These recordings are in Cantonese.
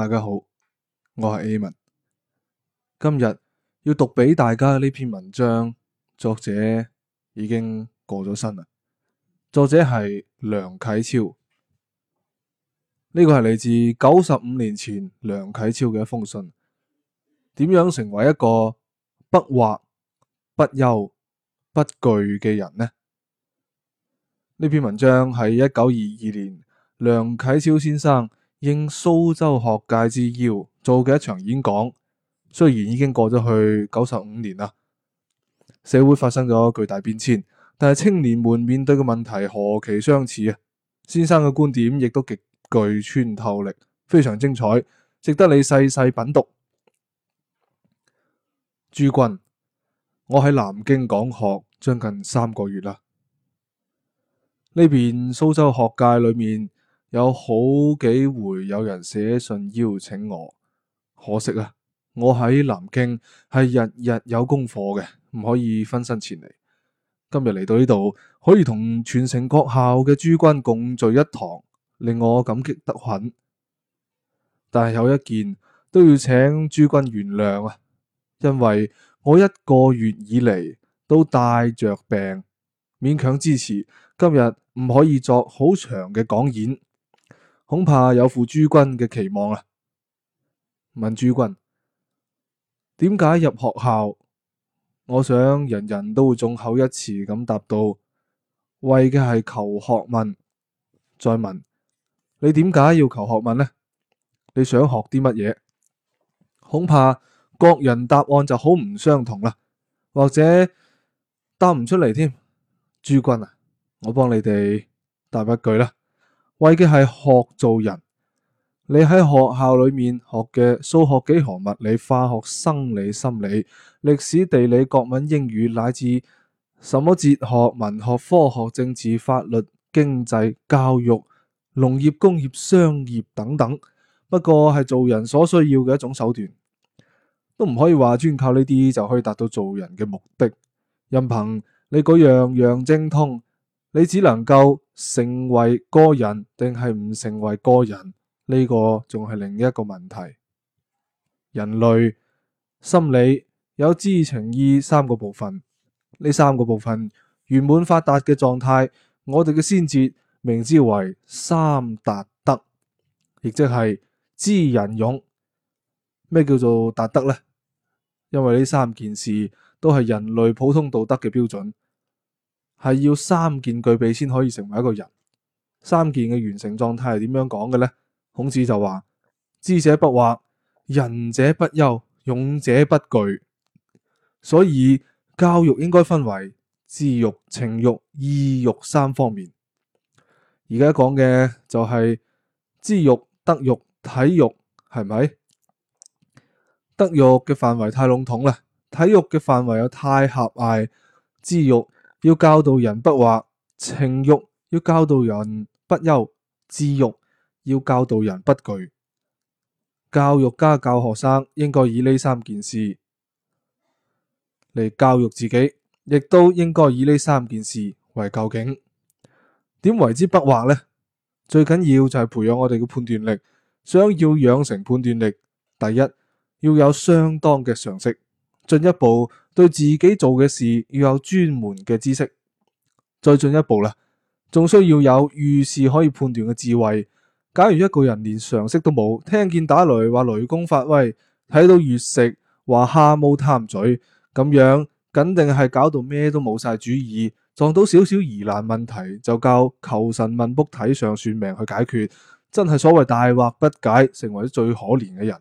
大家好，我係 A 文，今日要讀俾大家呢篇文章，作者已經過咗身啦。作者係梁啟超，呢個係嚟自九十五年前梁啟超嘅一封信。點樣成為一個不惑、不憂、不懼嘅人呢？呢篇文章係一九二二年梁啟超先生應蘇州學界之邀做嘅一場演講，雖然已經過咗去九十五年啦，社會發生咗巨大變遷，但係青年們面對嘅問題何其相似啊！先生嘅觀點亦都極具穿透力，非常精彩，值得你細細品讀。諸君，我喺南京講學將近三個月啦，呢邊蘇州學界裏面。有好幾回有人寫信邀請我，可惜啊，我喺南京係日日有功課嘅，唔可以分身前嚟。今日嚟到呢度，可以同全城各校嘅諸君共聚一堂，令我感激得很。但係有一件都要請諸君原諒啊，因為我一個月以嚟都帶着病，勉強支持，今日唔可以作好長嘅講演。恐怕有負諸君嘅期望啊！問諸君，點解入學校？我想人人都會眾口一詞咁答道：為嘅係求學問。再問，你點解要求學問呢？你想學啲乜嘢？恐怕各人答案就好唔相同啦，或者答唔出嚟添。諸君啊，我幫你哋答一句啦。為嘅係學做人，你喺學校裏面學嘅數學、幾何、物理、化學、生理、心理、歷史、地理、國文、英語，乃至什麼哲學、文學、科學、政治、法律、經濟、教育、農業、工業、商業等等，不過係做人所需要嘅一種手段，都唔可以話專靠呢啲就可以達到做人嘅目的。任憑你個樣樣精通，你只能夠。成為個人定係唔成為個人，呢個仲係另一個問題。人類心理有知、情、意三個部分，呢三個部分圓滿發達嘅狀態，我哋嘅先哲名之為三達德，亦即係知仁勇。咩叫做達德呢？因為呢三件事都係人類普通道德嘅標準。係要三件具備先可以成為一個人。三件嘅完成狀態係點樣講嘅咧？孔子就話：知者不惑，仁者不憂，勇者不懼。所以教育應該分為知育、情育、意育三方面。而家講嘅就係、是、智育、德育、體育，係咪？德育嘅範圍太籠統啦，體育嘅範圍又太狹隘，知育。要教導人不惑，情育要教導人不憂，意育要教導人不懼。教育家教學生應該以呢三件事嚟教育自己，亦都應該以呢三件事為究竟。點為之不惑呢？最緊要就係培養我哋嘅判斷力。想要養成判斷力，第一要有相當嘅常識。進一步對自己做嘅事要有專門嘅知識，再進一步啦，仲需要有遇事可以判斷嘅智慧。假如一個人連常識都冇，聽見打雷話雷公發威，睇到月食話蝦蟆貪嘴，咁樣肯定係搞到咩都冇晒主意，撞到少少疑難問題就靠求神問卜、睇相算命去解決，真係所謂大惑不解，成為最可憐嘅人。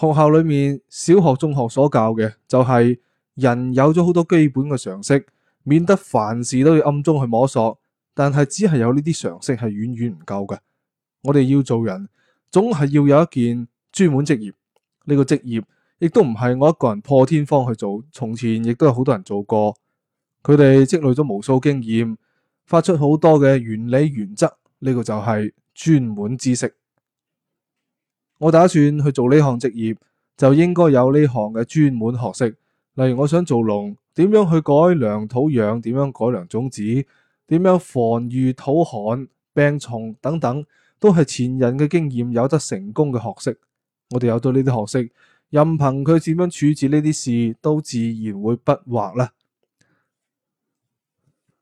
學校裏面小學、中學所教嘅就係人有咗好多基本嘅常識，免得凡事都要暗中去摸索。但係只係有呢啲常識係遠遠唔夠嘅。我哋要做人，總係要有一件專門職業。呢個職業亦都唔係我一個人破天荒去做。從前亦都有好多人做過，佢哋積累咗無數經驗，發出好多嘅原理原則。呢個就係專門知識。我打算去做呢項職業，就應該有呢行嘅專門學識。例如，我想做農，點樣去改良土壤？點樣改良種子？點樣防禦土寒、病蟲等等，都係前人嘅經驗，有得成功嘅學識。我哋有到呢啲學識，任憑佢點樣處置呢啲事，都自然會不惑啦。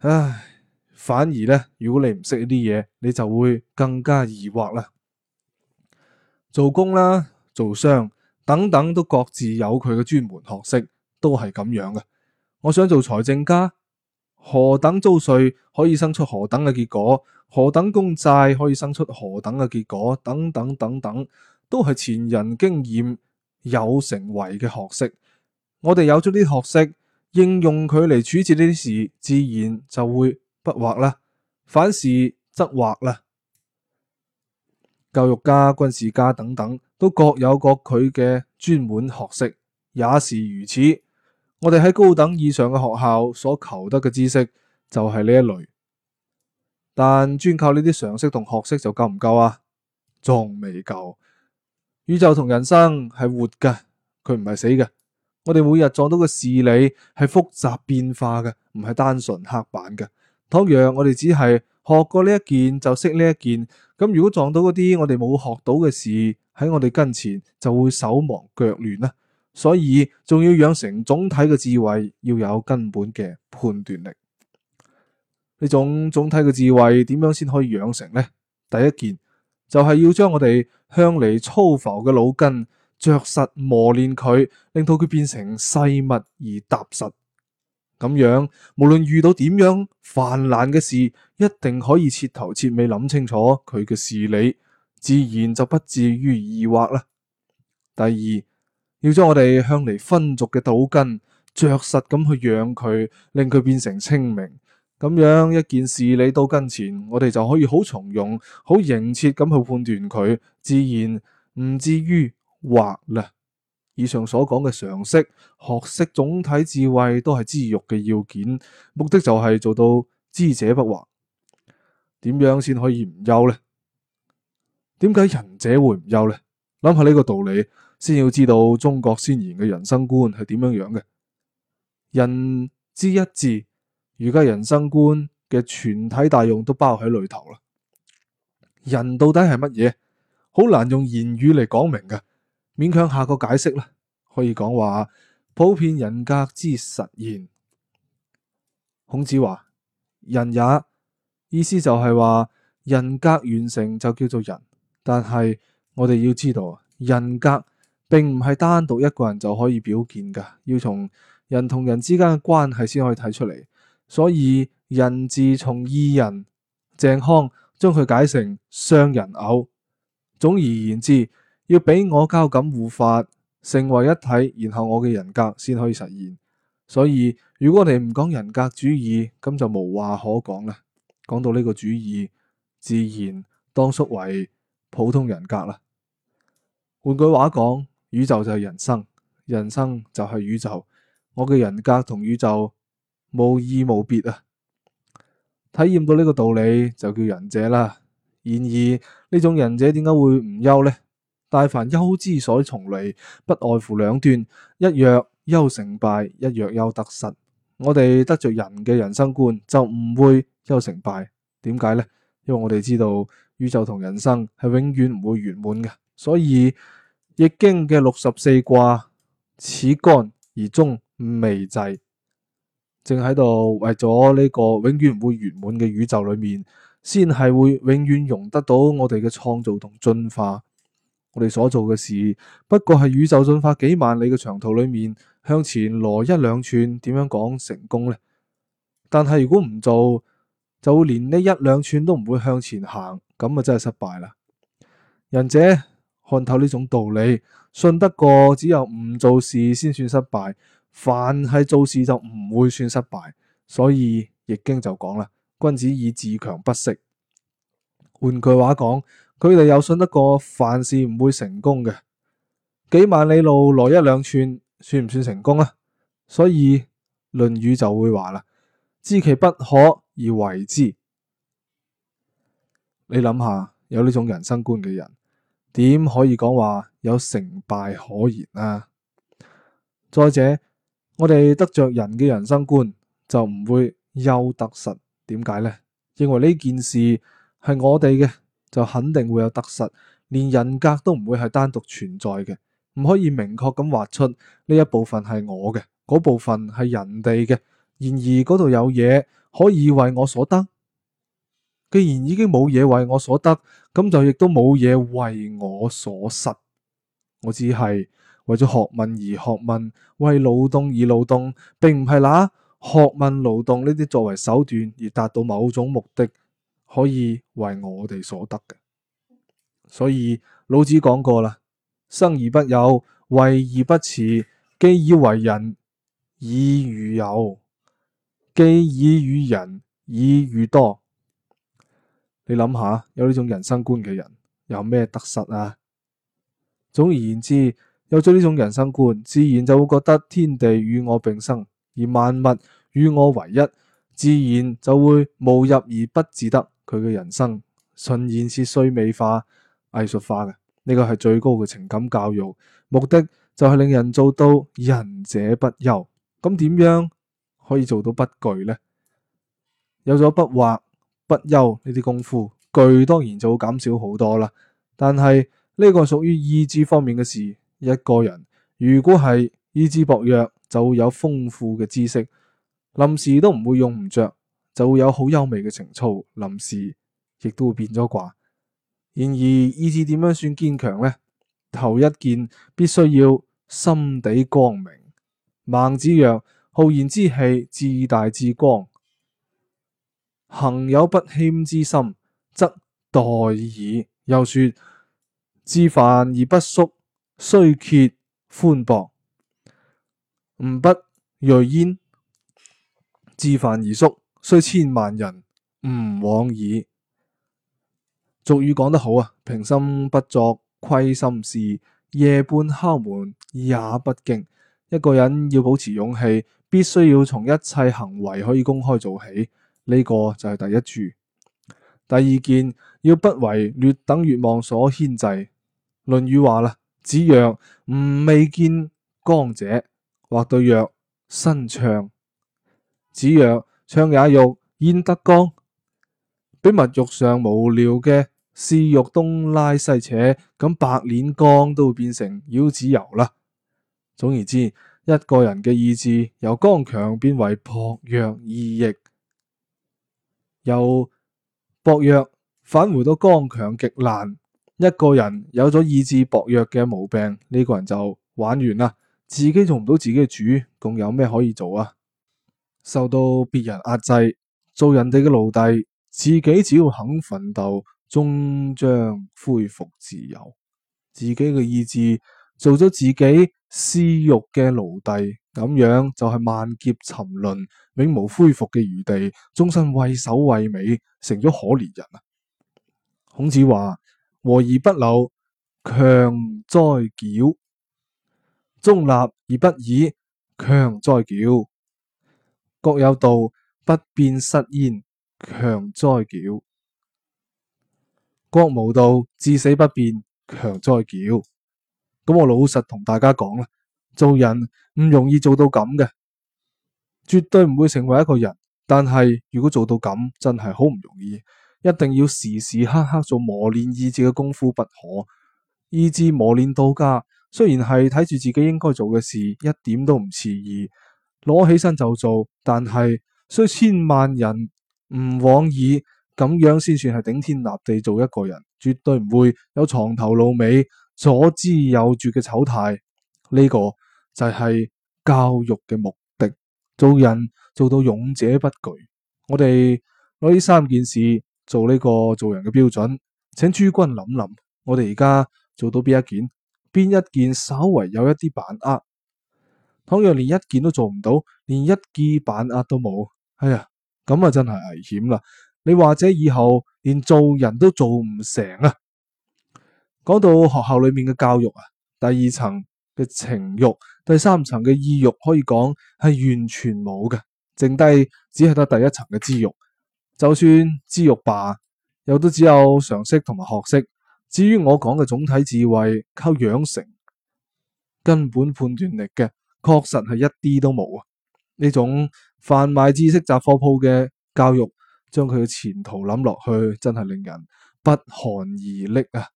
唉，反而呢，如果你唔識呢啲嘢，你就會更加疑惑啦。做工啦、做商等等，都各自有佢嘅專門學識，都係咁樣嘅。我想做財政家，何等租稅可以生出何等嘅結果？何等公債可以生出何等嘅結果？等等等等，都係前人經驗有成為嘅學識。我哋有咗啲學識，應用佢嚟處置呢啲事，自然就會不惑啦。反事則惑啦。教育家、軍事家等等，都各有各佢嘅專門學識，也是如此。我哋喺高等以上嘅學校所求得嘅知識就係呢一類。但專靠呢啲常識同學識就夠唔夠啊？仲未夠。宇宙同人生係活嘅，佢唔係死嘅。我哋每日撞到嘅事理係複雜變化嘅，唔係單純刻板嘅。倘若我哋只係學過呢一件就識呢一件，咁如果撞到嗰啲我哋冇學到嘅事喺我哋跟前，就會手忙腳亂啦。所以仲要養成總體嘅智慧，要有根本嘅判斷力。呢種總體嘅智慧點樣先可以養成呢？第一件就係、是、要將我哋向嚟粗浮嘅腦筋着實磨練佢，令到佢變成細密而踏實。咁樣，無論遇到點樣泛濫嘅事，一定可以徹頭徹尾諗清楚佢嘅事理，自然就不至於疑惑啦。第二，要將我哋向嚟分族嘅賭根，着實咁去養佢，令佢變成清明。咁樣一件事理到跟前，我哋就可以好從容、好形切咁去判斷佢，自然唔至於惑啦。以上所講嘅常識、學識、總體智慧都係知育嘅要件，目的就係做到知者不惑。點樣先可以唔憂呢？點解仁者會唔憂呢？諗下呢個道理，先要知道中國先賢嘅人生觀係點樣樣嘅。仁之一字，而家人生觀嘅全體大用都包喺裏頭啦。人到底係乜嘢？好難用言語嚟講明嘅。勉強下個解釋啦，可以講話普遍人格之實現。孔子話人也，意思就係話人格完成就叫做人。但係我哋要知道人格並唔係單獨一個人就可以表現噶，要從人同人之間嘅關係先可以睇出嚟。所以人字從二人，鄭康將佢解成雙人偶。總而言之，要俾我交感互發成為一體，然後我嘅人格先可以實現。所以如果你唔講人格主義，咁就無話可講啦。講到呢個主義，自然當屬為普通人格啦。換句話講，宇宙就係人生，人生就係宇宙。我嘅人格同宇宙冇異冇別啊！體驗到呢個道理就叫仁者啦。然而呢種仁者點解會唔憂呢？但凡憂之所從嚟，不外乎兩端：一曰憂成敗，一曰憂得失。我哋得著人嘅人生觀，就唔會憂成敗。點解呢？因為我哋知道宇宙同人生係永遠唔會圓滿嘅，所以《易經》嘅六十四卦，始乾而終未濟，正喺度為咗呢個永遠唔會圓滿嘅宇宙裏面，先係會永遠容得到我哋嘅創造同進化。我哋所做嘅事，不過係宇宙進化幾萬里嘅長途裏面向前挪一兩寸，點樣講成功呢？但係如果唔做，就會連呢一兩寸都唔會向前行，咁啊真係失敗啦！仁者看透呢種道理，信得過，只有唔做事先算失敗，凡係做事就唔會算失敗。所以易經就講啦：君子以自強不息。換句話講。佢哋又信得過，凡事唔會成功嘅，幾萬里路來一兩寸，算唔算成功啊？所以《論語》就會話啦：知其不可而為之。你諗下，有呢種人生觀嘅人，點可以講話有成敗可言啊？再者，我哋得着人嘅人生觀，就唔會優得實。點解呢？認為呢件事係我哋嘅。就肯定會有得失，連人格都唔會係單獨存在嘅，唔可以明確咁劃出呢一部分係我嘅，嗰部分係人哋嘅。然而嗰度有嘢可以為我所得，既然已經冇嘢為我所得，咁就亦都冇嘢為我所失。我只係為咗學問而學問，為勞動而勞動，並唔係拿學問、勞動呢啲作為手段而達到某種目的。可以為我哋所得嘅，所以老子講過啦：生而不有，為而不恃，既以為人，以如有；既以與人，以如多。你諗下，有呢種人生觀嘅人，有咩得失啊？總而言之，有咗呢種人生觀，自然就會覺得天地與我並生，而萬物與我為一，自然就會無入而不自得。佢嘅人生，純然是審美化、藝術化嘅，呢個係最高嘅情感教育目的，就係令人做到仁者不憂。咁點樣可以做到不懼呢？有咗不惑、不憂呢啲功夫，懼當然就會減少好多啦。但係呢個屬於意志方面嘅事，一個人如果係意志薄弱，就會有豐富嘅知識，臨時都唔會用唔着。就會有好優美嘅情操，臨時亦都會變咗卦。然而意志點樣算堅強呢？頭一件必須要心底光明。孟子曰：浩然之氣，自大至光，行有不謙之心，則待矣。又說：自反而不縮，雖竭寬博，吾不銳焉；自反而縮，雖千萬人吾往矣。俗語講得好啊，平心不作虧心事，夜半敲門也不驚。一個人要保持勇氣，必須要從一切行為可以公開做起，呢、這個就係第一柱。第二件要不為劣等欲望所牽制。《論語》話啦，子曰，吾未見剛者。或對曰：身長。子曰。唱也欲，焉得剛？被物欲上無聊嘅，嗜欲東拉西扯，咁百煉鋼都變成繞指柔啦。總而言之，一個人嘅意志由剛強變為薄弱易役，由薄弱返回到剛強極難。一個人有咗意志薄弱嘅毛病，呢、這個人就玩完啦，自己做唔到自己嘅主，仲有咩可以做啊？受到別人壓制，做人哋嘅奴隸，自己只要肯奮鬥，終將恢復自由，自己嘅意志做咗自己私欲嘅奴隸，咁樣就係萬劫沉淪，永無恢復嘅餘地，終身畏首畏尾，成咗可憐人啊！孔子話：和而不流，強哉矯；中立而不倚，強哉矯。國有道，不變失焉，強哉矯；國無道，至死不變，強哉矯。咁我老實同大家講啦，做人唔容易做到咁嘅，絕對唔會成為一個人。但係如果做到咁，真係好唔容易，一定要時時刻刻做磨練意志嘅功夫，不可意志磨練到家。雖然係睇住自己應該做嘅事，一點都唔遲疑。攞起身就做，但係雖千萬人唔往矣，咁樣先算係頂天立地做一個人，絕對唔會有藏頭露尾、左支右絀嘅醜態。呢、這個就係教育嘅目的，做人做到勇者不懼。我哋攞呢三件事做呢個做人嘅標準，請諸君諗諗，我哋而家做到邊一件？邊一件稍微有一啲把握？倘若連一件都做唔到，連一件把握都冇，哎呀，咁啊真係危險啦！你或者以後連做人都做唔成啊！講到學校裏面嘅教育啊，第二層嘅情欲，第三層嘅意欲，可以講係完全冇嘅，剩低只係得第一層嘅知欲。就算知欲罷，又都只有常識同埋學識。至於我講嘅總體智慧，靠養成根本判斷力嘅。確實係一啲都冇啊！呢種販賣知識雜貨鋪嘅教育，將佢嘅前途諗落去，真係令人不寒而栗啊！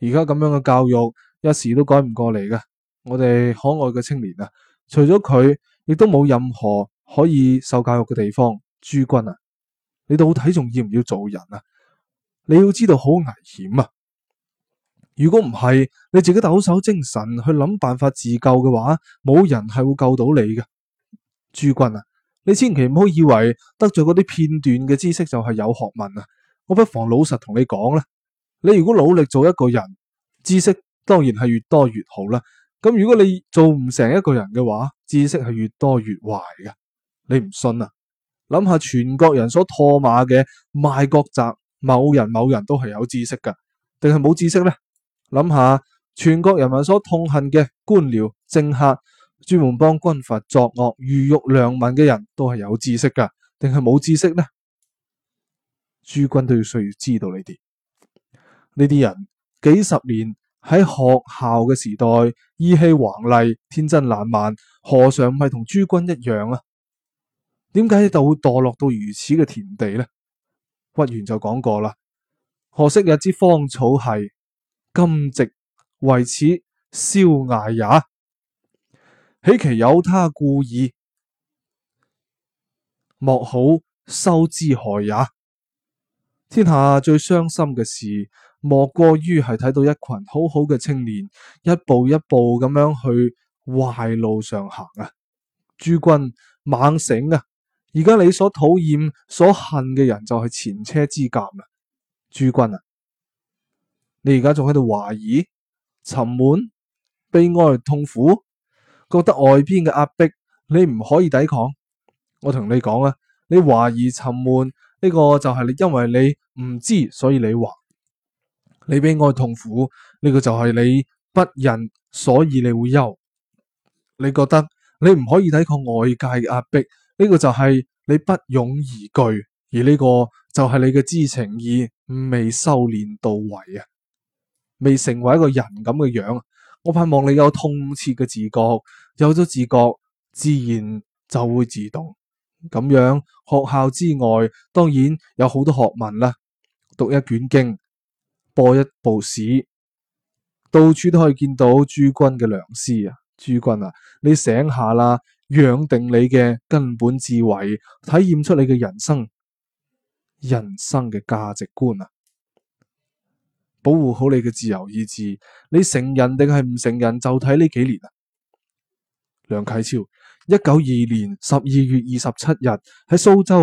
而家咁樣嘅教育，一時都改唔過嚟嘅。我哋可愛嘅青年啊，除咗佢，亦都冇任何可以受教育嘅地方。諸君啊，你到底仲要唔要做人啊？你要知道好危險啊！如果唔係你自己抖擻精神去諗辦法自救嘅話，冇人係會救到你嘅。諸君啊！你千祈唔好以為得著嗰啲片段嘅知識就係有學問啊！我不妨老實同你講啦，你如果努力做一個人，知識當然係越多越好啦。咁如果你做唔成一個人嘅話，知識係越多越壞噶。你唔信啊？諗下全國人所唾罵嘅賣國賊，某人某人都係有知識噶，定係冇知識呢？諗下，全國人民所痛恨嘅官僚政客，專門幫軍閥作惡、魚肉良民嘅人都係有知識噶，定係冇知識呢？諸君都要需要知道呢啲，呢啲人幾十年喺學校嘅時代，意氣橫厲、天真爛漫，何嘗唔係同諸君一樣啊？點解就會墮落到如此嘅田地呢？屈原就講過啦，何昔日之芳草系。今夕為此消哀也，豈其有他故耳？莫好修之害也。天下最傷心嘅事，莫過於係睇到一群好好嘅青年，一步一步咁樣去壞路上行啊！諸君猛醒啊！而家你所討厭、所恨嘅人，就係前車之鑑啊！諸君啊！你而家仲喺度懷疑、沉悶、悲哀、痛苦，覺得外邊嘅壓迫你唔可以抵抗。我同你講啊，你懷疑沉悶、沉悶呢個就係因為你唔知，所以你惑。你悲哀、痛苦呢、這個就係你不仁，所以你會憂。你覺得你唔可以抵抗外界嘅壓迫，呢、這個就係你不勇而懼，而呢個就係你嘅知情意未修煉到位啊！未成為一個人咁嘅樣，我盼望你有痛切嘅自覺，有咗自覺，自然就會自動咁樣。學校之外，當然有好多學問啦，讀一卷經，播一部史，到處都可以見到諸君嘅良師啊。諸君啊，你醒下啦，養定你嘅根本智慧，體驗出你嘅人生，人生嘅價值觀啊！保護好你嘅自由意志，你成人定係唔成人就睇呢幾年。梁啟超，一九二二年十二月二十七日喺蘇州。